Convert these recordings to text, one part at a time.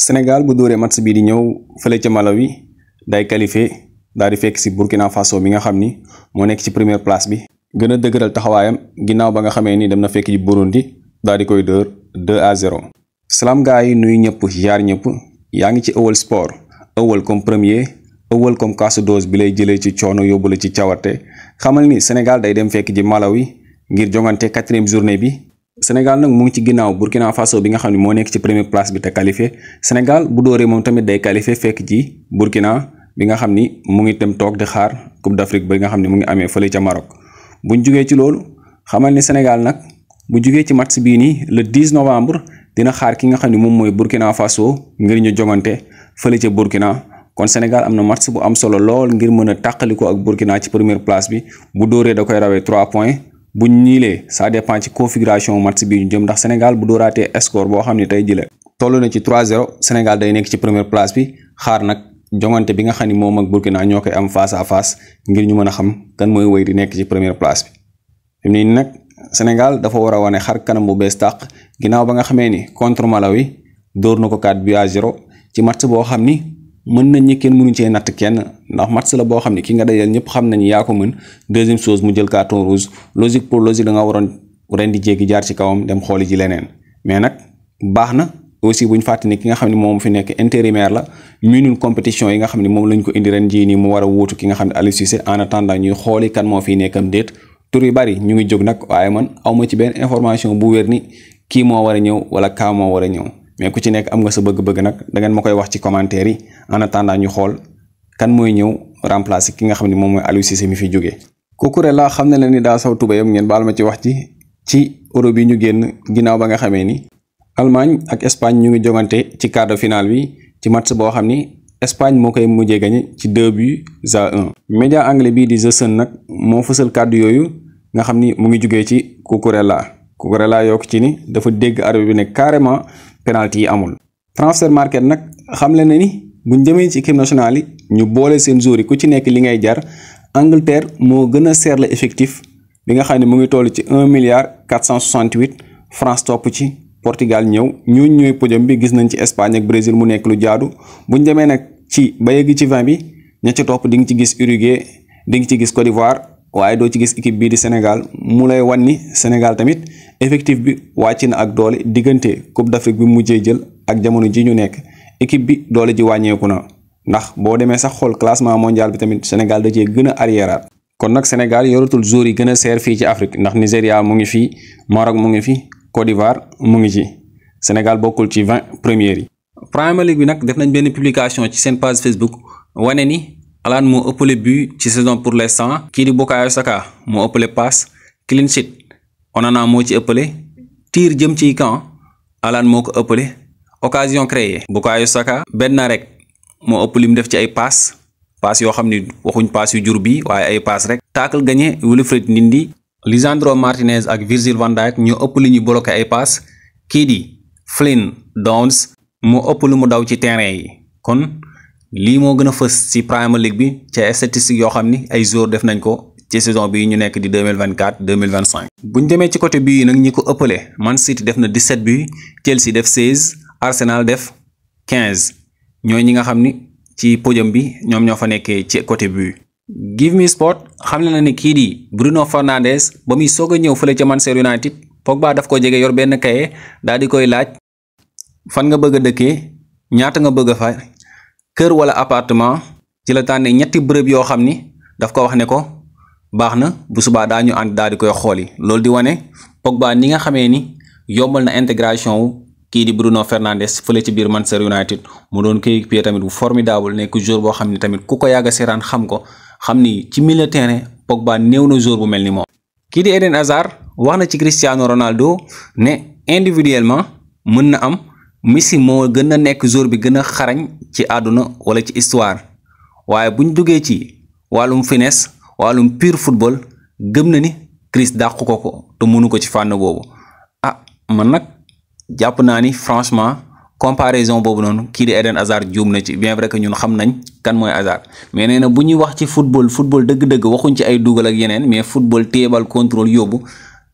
Sénégal bu dóoree match bii di ñëw fële ca Malawi day qualifié daal di fekk si Burkina Faso bi nga xam ni moo nekk ci première place bi. gën a dëgëral taxawaayam ginnaaw ba nga xamee ni dem na fekk ji Burundi daal di koy dër 2 à 0. salaam gaa yi nuyu ñëpp jaar ñëpp yaa ngi ci Eowl Sport Eowl comme premier Eowl comme kaasu dose bi lay jëlee ci coono yóbbu la ci cawarte xamal ni Sénégal day dem fekk ji Malawi ngir jongante quatrième journée bi. Sénégal nag mu ngi ci ginnaaw Burkina Faso bi nga xam ne moo nekk ci première place bi te qualifié Sénégal bu dóoree moom tamit day qualifié fekk ci Burkina bi nga xam ni mu ngi dem toog di xaar Coupe d'Afrique bi nga xam ne mu ngi amee fële ca Maroc buñ jugee ci loolu xamal ni Sénégal nag bu jugee ci match bii nii le 10 novembre dina xaar ki nga xam ne moom mooy Burkina Faso ngir ñu jongante fële ca Burkina kon Sénégal am na match bu am solo lool ngir mën a tàqali ko ak Burkina ci première place bi bu dóoree da koy rawee 3 points buñ ñiilee ça dépend ci configuration match bi ñu jëm ndax Sénégal bu dóoraatee score boo xam ne tey jëla toll na ci 3-0 Sénégal day nekk ci première place bi xaar nag jongante bi nga xam ni moom ak Burkina ñoo koy am face fass ngir ñu mën a xam kan mooy woy di nekk ci première place bi fi mu ne nag Sénégal dafa war a wane xar kanam bu bees tàq ginnaaw ba nga xamee ni contre Malawi dóor na ko 4 bi a 0 ci match boo xam ni mën nañ ñi kenn mënu cee natt kenn. ndax match la boo xam ne ki nga dajal ñëpp xam nañu yaa ko mën deuxième chose mu jël carton rouge logique pour logique da waroon ren di jéggi jaar ci kawam dem xooli ji leneen mais nag baax na aussi bu ñu fàtte ni ki nga xam ne moom fi nekk intérimaire la miinul compétition yi nga xam ne moom lañ ko indi ren jii nii mu war a wuutu ki nga xam ne Aliou Cissé en attendant ñuy xooli kan moo fiy nekkam déet tur yu bari ñu ngi jóg nag waaye man awma ci benn information bu wér ni kii moo war a ñëw wala kaamoo moo war a ñëw mais ku ci nekk am nga sa bëgg-bëgg nag da ngeen ma koy wax ci commentaire yi en ñu xool kan mooy ñëw remplacer ki nga xam ne moom mooy Aliou Cissé mi fi jógee. Cucurella xam na leen ni daa saw tubayam ngeen baal ma ci wax ci ci euro bi ñu génn ginnaaw ba nga xamee ni Allemagne ak Espagne ñu ngi jogante ci quart de finale bi ci match boo xam ni Espagne moo koy mujjee gagné ci deux buts à un. média anglais bii di The nag moo fësal kàddu yooyu nga xam ni mu ngi jugee ci Cucurella Cucurella yokk ci ni dafa dégg arbitre bi ne carrément penalty yi amul. Transfermarkt nag xam le na ni. buñ demee ci équipe nationale yi ñu boole seen joueurs yi ku ci nekk li ngay jar Angleterre moo gën a seer la effectif bi nga xam ne mu ngi toll ci un milliard quatre cent soixante huit France topp ci Portugal ñëw ñooñu ñooy podium bi gis nañ ci Espagne ak Brésil mu nekk lu jaadu buñ demee nag ci ba yegg ci vingt bi ña ci topp di nga ci gis Uruguay di ngi ci gis Côte d'Ivoire waaye doo ci gis équipe bii di Sénégal mu lay wan ni Sénégal tamit effectif bi wàcc na ak doole diggante Coupe d'Afrique mujjee jël ak jamono ji ñu nekk. équipe bi doole ji wàññeeku na ndax boo demee sax xool classement mondial bi tamit Sénégal da cee gën a arrière kon nag Sénégal yoratul joueurs yi gën a seer fii ci Afrique ndax Nigéria mu ngi fii Maroc mu ngi fi Côte d'Ivoire mu ngi ci Sénégal bokkul ci vingt premières yi. Premier League bi nag def nañ benn publication ci seen page Facebook wane ni Alan moo ëppale but ci saison pour l'instant kii di Bukayo Saka moo ëppale passe clean sheet Onana moo ci ëppale tir jëm ci camp Alan moo ko ëppale. occasion créée Bukayo Saka benn rek moo ëpp lim def ci ay paas paas yoo xam ni waxuñ paas yu jur bii waaye ay paas rek tacle gagné Wilfried Ndidi Lisandro Martinez ak Virgil van Dijk ñoo ëpp li ñu bloqué ay paas kii di Flynn Downs moo ëpp lu mu daw ci terrain yi kon lii moo gën a fës ci Premier League bi ca statistiques yoo xam ni ay joueurs def nañ ko ci saison bi ñu nekk di 2024 2025 bu ñu demee ci côté bii nag ñi ko ëppale Man City def na bi buts Chelsea def 16 Arsenal def quinze ñooy ñi nga xam ni ci podium bi ñoom ñoo fa nekkee ci côté bu Give Me Sport xam na ne kii di Bruno Fernandes ba muy soog a ñëw fële ca Manchester United Pogba daf ko jege yor benn kaye daal di koy laaj fan nga bëgg a dëkkee ñaata nga bëgg a fa kër wala appartement ci la tànnee ñetti bërëb yoo xam ni daf ko wax ne ko baax na bu subaa daañu ñu ànd daal di koy xooli loolu di wane baa ni nga xamee ni yombal na intégration kii di Bruno Fernandes fële ci biir Manchester United mu doon coéquipier tamit bu formidable nekk joueur boo xam ne tamit ku ko yàgg a seeraan xam ko xam ni ci milieu terrain Pogba néew na joueur bu mel ni moom. kii di Eden Hazard wax na ci Cristiano Ronaldo ne individuellement mën na am missi moo gën a nekk joueur bi gën a xarañ ci àdduna wala ci histoire waaye buñ duggee ci wàllum finesse wàllum pure football gëm na ni Chris dàqu ko ko te mënu ko ci fànn boobu ah, jàpp naa ni franchement comparaison boobu noonu kii di Eden Hazard juum na ci bien vrai que ñun xam nañ kan mooy Hazard mais nee na bu ñuy wax ci football football dëgg-dëgg waxuñ ci ay dugal ak yeneen mais football téebal contrôle yóbbu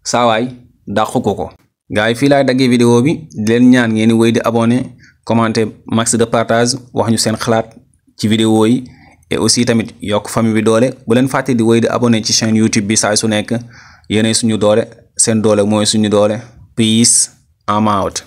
saawaay dàq ko ko. gars yi fii laay daggee vidéo bi di leen ñaan ngeen di woy di abonné commenter max de partage wax ñu seen xalaat ci vidéo yi aussi tamit yokk famille bi doole bu leen fàtte di wéy di abonné ci chaîne YouTube bi saa su nekk yéenay suñu doole seen doole mooy suñu doole peace. I'm out.